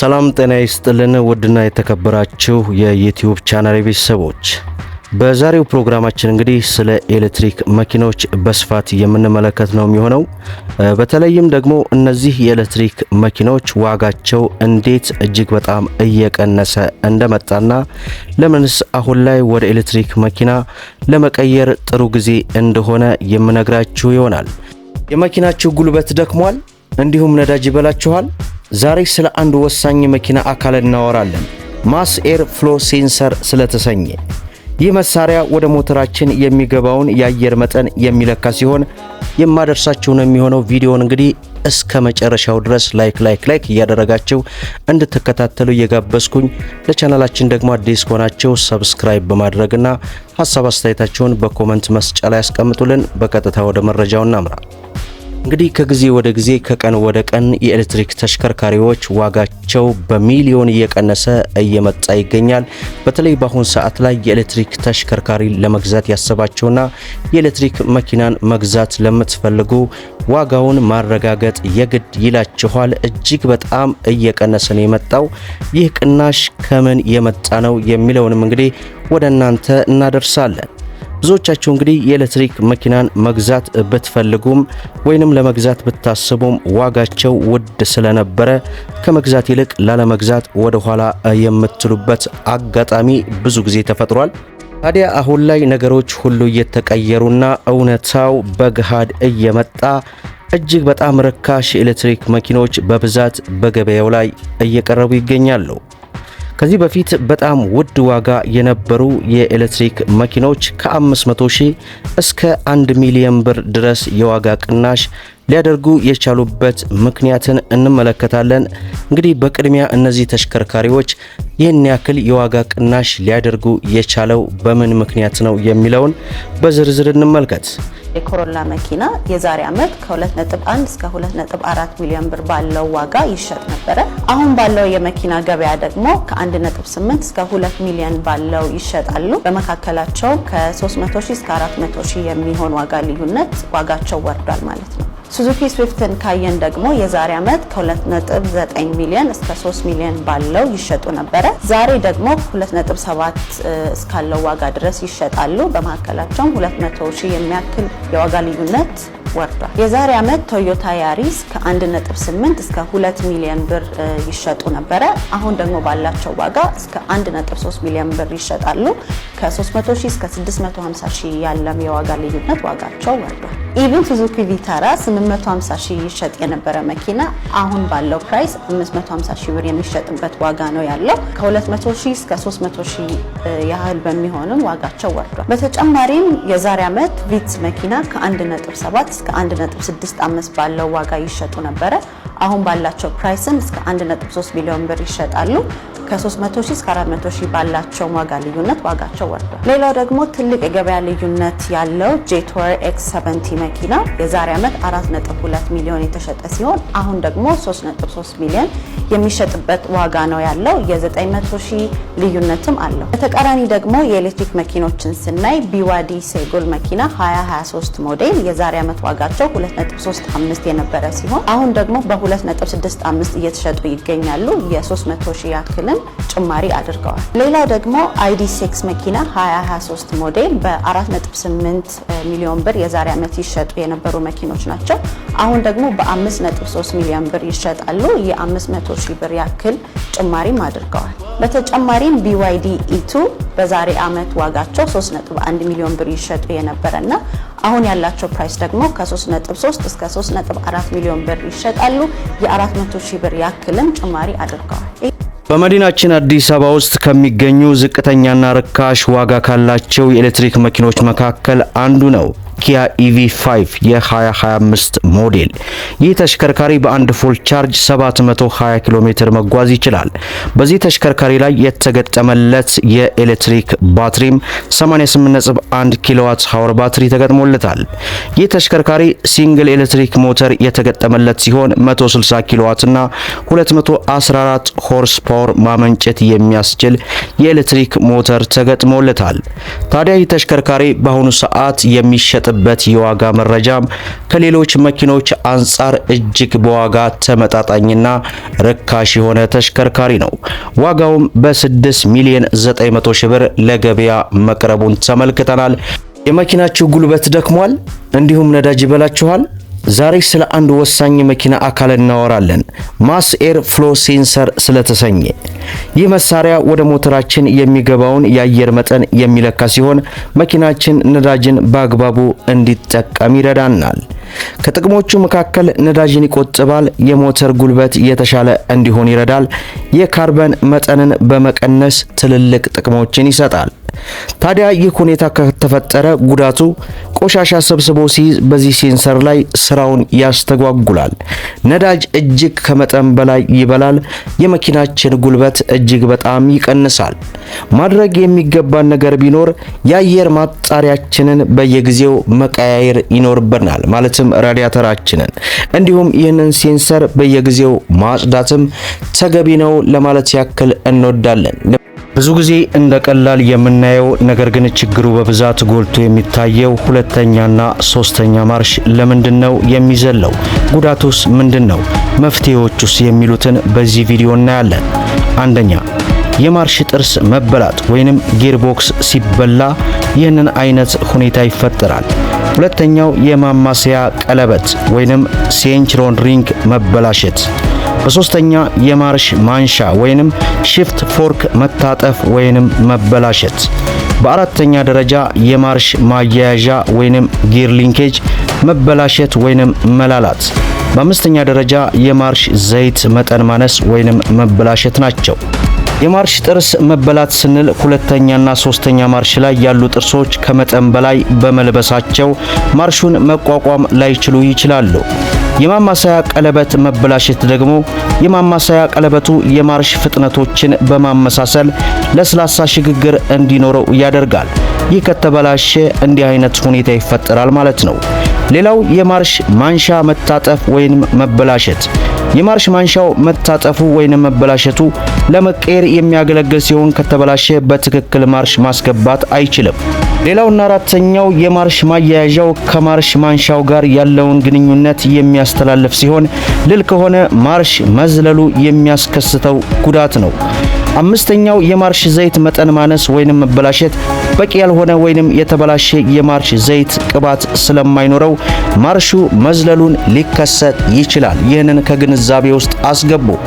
ሰላም ጤና ይስጥልን። ውድና የተከበራችሁ የዩቲዩብ ቻናል ቤተሰቦች በዛሬው ፕሮግራማችን እንግዲህ ስለ ኤሌክትሪክ መኪኖች በስፋት የምንመለከት ነው የሚሆነው። በተለይም ደግሞ እነዚህ የኤሌክትሪክ መኪኖች ዋጋቸው እንዴት እጅግ በጣም እየቀነሰ እንደመጣና ለምንስ አሁን ላይ ወደ ኤሌክትሪክ መኪና ለመቀየር ጥሩ ጊዜ እንደሆነ የምነግራችሁ ይሆናል። የመኪናችሁ ጉልበት ደክሟል? እንዲሁም ነዳጅ ይበላችኋል? ዛሬ ስለ አንድ ወሳኝ መኪና አካል እናወራለን፣ ማስ ኤር ፍሎ ሴንሰር ስለተሰኘ። ይህ መሳሪያ ወደ ሞተራችን የሚገባውን የአየር መጠን የሚለካ ሲሆን የማደርሳችሁ ነው የሚሆነው። ቪዲዮን እንግዲህ እስከ መጨረሻው ድረስ ላይክ ላይክ ላይክ እያደረጋችሁ እንድትከታተሉ እየጋበዝኩኝ ለቻናላችን ደግሞ አዲስ ከሆናችሁ ሰብስክራይብ በማድረግና ሀሳብ አስተያየታችሁን በኮመንት መስጫ ላይ ያስቀምጡልን። በቀጥታ ወደ መረጃው እናምራ። እንግዲህ ከጊዜ ወደ ጊዜ ከቀን ወደ ቀን የኤሌክትሪክ ተሽከርካሪዎች ዋጋቸው በሚሊዮን እየቀነሰ እየመጣ ይገኛል። በተለይ በአሁን ሰዓት ላይ የኤሌክትሪክ ተሽከርካሪ ለመግዛት ያሰባቸውና የኤሌክትሪክ መኪናን መግዛት ለምትፈልጉ ዋጋውን ማረጋገጥ የግድ ይላችኋል። እጅግ በጣም እየቀነሰ ነው የመጣው። ይህ ቅናሽ ከምን የመጣ ነው የሚለውንም እንግዲህ ወደ እናንተ እናደርሳለን። ብዙዎቻችሁ እንግዲህ የኤሌክትሪክ መኪናን መግዛት ብትፈልጉም ወይንም ለመግዛት ብታስቡም ዋጋቸው ውድ ስለነበረ ከመግዛት ይልቅ ላለመግዛት ወደኋላ የምትሉበት አጋጣሚ ብዙ ጊዜ ተፈጥሯል። ታዲያ አሁን ላይ ነገሮች ሁሉ እየተቀየሩና እውነታው በገሃድ እየመጣ እጅግ በጣም ርካሽ ኤሌክትሪክ መኪኖች በብዛት በገበያው ላይ እየቀረቡ ይገኛሉ። ከዚህ በፊት በጣም ውድ ዋጋ የነበሩ የኤሌክትሪክ መኪኖች ከ500 ሺህ እስከ 1 ሚሊዮን ብር ድረስ የዋጋ ቅናሽ ሊያደርጉ የቻሉበት ምክንያትን እንመለከታለን። እንግዲህ በቅድሚያ እነዚህ ተሽከርካሪዎች ይህን ያክል የዋጋ ቅናሽ ሊያደርጉ የቻለው በምን ምክንያት ነው የሚለውን በዝርዝር እንመልከት። የኮሮላ መኪና የዛሬ ዓመት ከ2.1 እስከ 2.4 ሚሊዮን ብር ባለው ዋጋ ይሸጥ ነበረ። አሁን ባለው የመኪና ገበያ ደግሞ ከ1.8 እስከ 2 ሚሊዮን ባለው ይሸጣሉ። በመካከላቸው ከ300 ሺህ እስከ 400 ሺህ የሚሆን ዋጋ ልዩነት ዋጋቸው ወርዷል ማለት ነው። ሱዙኪ ስዊፍትን ካየን ደግሞ የዛሬ ዓመት ከ2.9 ሚሊዮን እስከ 3 ሚሊዮን ባለው ይሸጡ ነበረ። ዛሬ ደግሞ 2.7 እስካለው ዋጋ ድረስ ይሸጣሉ። በመካከላቸውም 200 ሺህ የሚያክል የዋጋ ልዩነት ወርዷል። የዛሬ ዓመት ቶዮታ ያሪስ ከ1.8 እስከ 2 ሚሊዮን ብር ይሸጡ ነበረ። አሁን ደግሞ ባላቸው ዋጋ እስከ 1.3 ሚሊዮን ብር ይሸጣሉ። ከ300 ሺህ እስከ 650 ሺህ ያለም የዋጋ ልዩነት ዋጋቸው ወርዷል። ኢቭን ሱዙኪ ቪታራ 850 ሺህ ይሸጥ የነበረ መኪና አሁን ባለው ፕራይስ 550 ሺህ ብር የሚሸጥበት ዋጋ ነው ያለው። ከ200 ሺህ እስከ 300 ሺህ ያህል በሚሆንም ዋጋቸው ወርዷል። በተጨማሪም የዛሬ ዓመት ቪትስ መኪና ከ1.7 እስከ 1.65 ባለው ዋጋ ይሸጡ ነበረ። አሁን ባላቸው ፕራይስም እስከ 1.3 ሚሊዮን ብር ይሸጣሉ። ከ300 ሺህ እስከ 400 ሺህ ባላቸው ዋጋ ልዩነት ዋጋቸው ወርዷል። ሌላው ደግሞ ትልቅ የገበያ ልዩነት ያለው ጄትወር ኤክስ 70 መኪና የዛሬ ዓመት 4.2 ሚሊዮን የተሸጠ ሲሆን አሁን ደግሞ 3.3 ሚሊዮን የሚሸጥበት ዋጋ ነው ያለው። የ900 ሺህ ልዩነትም አለው። በተቃራኒ ደግሞ የኤሌክትሪክ መኪኖችን ስናይ ቢዋዲ ሴጎል መኪና 2023 ሞዴል የዛሬ ዓመት ዋጋቸው 2.35 የነበረ ሲሆን አሁን ደግሞ በ2 265 እየተሸጡ ይገኛሉ። የ300 ሺህ ያክልም ጭማሪ አድርገዋል። ሌላው ደግሞ አይዲ ሴክስ መኪና 2023 ሞዴል በ4.8 ሚሊዮን ብር የዛሬ ዓመት ይሸጡ የነበሩ መኪኖች ናቸው። አሁን ደግሞ በ5.3 ሚሊዮን ብር ይሸጣሉ። የ500 ሺህ ብር ያክል ጭማሪም አድርገዋል። በተጨማሪም ቢዋይዲ ኢቱ በዛሬ ዓመት ዋጋቸው 3.1 ሚሊዮን ብር ይሸጡ የነበረና አሁን ያላቸው ፕራይስ ደግሞ ከ3.3 እስከ 3.4 ሚሊዮን ብር ይሸጣሉ። የ400 ሺህ ብር ያክልም ጭማሪ አድርገዋል። በመዲናችን አዲስ አበባ ውስጥ ከሚገኙ ዝቅተኛና ርካሽ ዋጋ ካላቸው የኤሌክትሪክ መኪኖች መካከል አንዱ ነው። ኪያ ኢቪ5 የ2025 ሞዴል። ይህ ተሽከርካሪ በአንድ ፉል ቻርጅ 720 ኪሎ ሜትር መጓዝ ይችላል። በዚህ ተሽከርካሪ ላይ የተገጠመለት የኤሌክትሪክ ባትሪም 88.1 ኪሎዋት ሃወር ባትሪ ተገጥሞለታል። ይህ ተሽከርካሪ ሲንግል ኤሌክትሪክ ሞተር የተገጠመለት ሲሆን 160 ኪሎዋት እና 214 ሆርስ ፓወር ማመንጨት የሚያስችል የኤሌክትሪክ ሞተር ተገጥሞለታል። ታዲያ ይህ ተሽከርካሪ በአሁኑ ሰዓት የሚሸጥ የሚሸጥበት የዋጋ መረጃም ከሌሎች መኪኖች አንጻር እጅግ በዋጋ ተመጣጣኝና ርካሽ የሆነ ተሽከርካሪ ነው። ዋጋውም በ6 ሚሊዮን 900 ሺህ ብር ለገበያ መቅረቡን ተመልክተናል። የመኪናችሁ ጉልበት ደክሟል፣ እንዲሁም ነዳጅ ይበላችኋል? ዛሬ ስለ አንድ ወሳኝ መኪና አካል እናወራለን፣ ማስ ኤር ፍሎ ሴንሰር ስለተሰኘ። ይህ መሳሪያ ወደ ሞተራችን የሚገባውን የአየር መጠን የሚለካ ሲሆን መኪናችን ነዳጅን በአግባቡ እንዲጠቀም ይረዳናል። ከጥቅሞቹ መካከል ነዳጅን ይቆጥባል፣ የሞተር ጉልበት የተሻለ እንዲሆን ይረዳል፣ የካርበን መጠንን በመቀነስ ትልልቅ ጥቅሞችን ይሰጣል። ታዲያ ይህ ሁኔታ ከተፈጠረ ጉዳቱ ቆሻሻ ሰብስቦ ሲይዝ በዚህ ሴንሰር ላይ ስራውን ያስተጓጉላል። ነዳጅ እጅግ ከመጠን በላይ ይበላል። የመኪናችን ጉልበት እጅግ በጣም ይቀንሳል። ማድረግ የሚገባን ነገር ቢኖር የአየር ማጣሪያችንን በየጊዜው መቀያየር ይኖርብናል። ማለትም ራዲያተራችንን፣ እንዲሁም ይህንን ሴንሰር በየጊዜው ማጽዳትም ተገቢ ነው ለማለት ያክል እንወዳለን። ብዙ ጊዜ እንደ ቀላል የምናየው ነገር ግን ችግሩ በብዛት ጎልቶ የሚታየው ሁለተኛና ሶስተኛ ማርሽ ለምንድን ነው የሚዘለው? ጉዳቱስ ምንድን ነው? መፍትሄዎቹስ የሚሉትን በዚህ ቪዲዮ እናያለን። አንደኛ የማርሽ ጥርስ መበላት ወይንም ጌርቦክስ ሲበላ ይህንን አይነት ሁኔታ ይፈጠራል። ሁለተኛው የማማሰያ ቀለበት ወይንም ሴንችሮን ሪንግ መበላሸት በሶስተኛ የማርሽ ማንሻ ወይንም ሽፍት ፎርክ መታጠፍ ወይንም መበላሸት። በአራተኛ ደረጃ የማርሽ ማያያዣ ወይንም ጊር ሊንኬጅ መበላሸት ወይንም መላላት። በአምስተኛ ደረጃ የማርሽ ዘይት መጠን ማነስ ወይንም መበላሸት ናቸው። የማርሽ ጥርስ መበላት ስንል ሁለተኛና ሶስተኛ ማርሽ ላይ ያሉ ጥርሶች ከመጠን በላይ በመልበሳቸው ማርሹን መቋቋም ላይችሉ ይችላሉ። የማማሰያ ቀለበት መበላሸት ደግሞ የማማሰያ ቀለበቱ የማርሽ ፍጥነቶችን በማመሳሰል ለስላሳ ሽግግር እንዲኖረው ያደርጋል። ይህ ከተበላሸ እንዲህ አይነት ሁኔታ ይፈጠራል ማለት ነው። ሌላው የማርሽ ማንሻ መታጠፍ ወይንም መበላሸት የማርሽ ማንሻው መታጠፉ ወይንም መበላሸቱ ለመቀየር የሚያገለግል ሲሆን ከተበላሸ በትክክል ማርሽ ማስገባት አይችልም። ሌላውና አራተኛው የማርሽ ማያያዣው ከማርሽ ማንሻው ጋር ያለውን ግንኙነት የሚያስተላልፍ ሲሆን ልል ከሆነ ማርሽ መዝለሉ የሚያስከስተው ጉዳት ነው። አምስተኛው የማርሽ ዘይት መጠን ማነስ ወይንም መበላሸት፣ በቂ ያልሆነ ወይንም የተበላሸ የማርሽ ዘይት ቅባት ስለማይኖረው ማርሹ መዝለሉን ሊከሰት ይችላል። ይህንን ከግንዛቤ ውስጥ አስገቡ።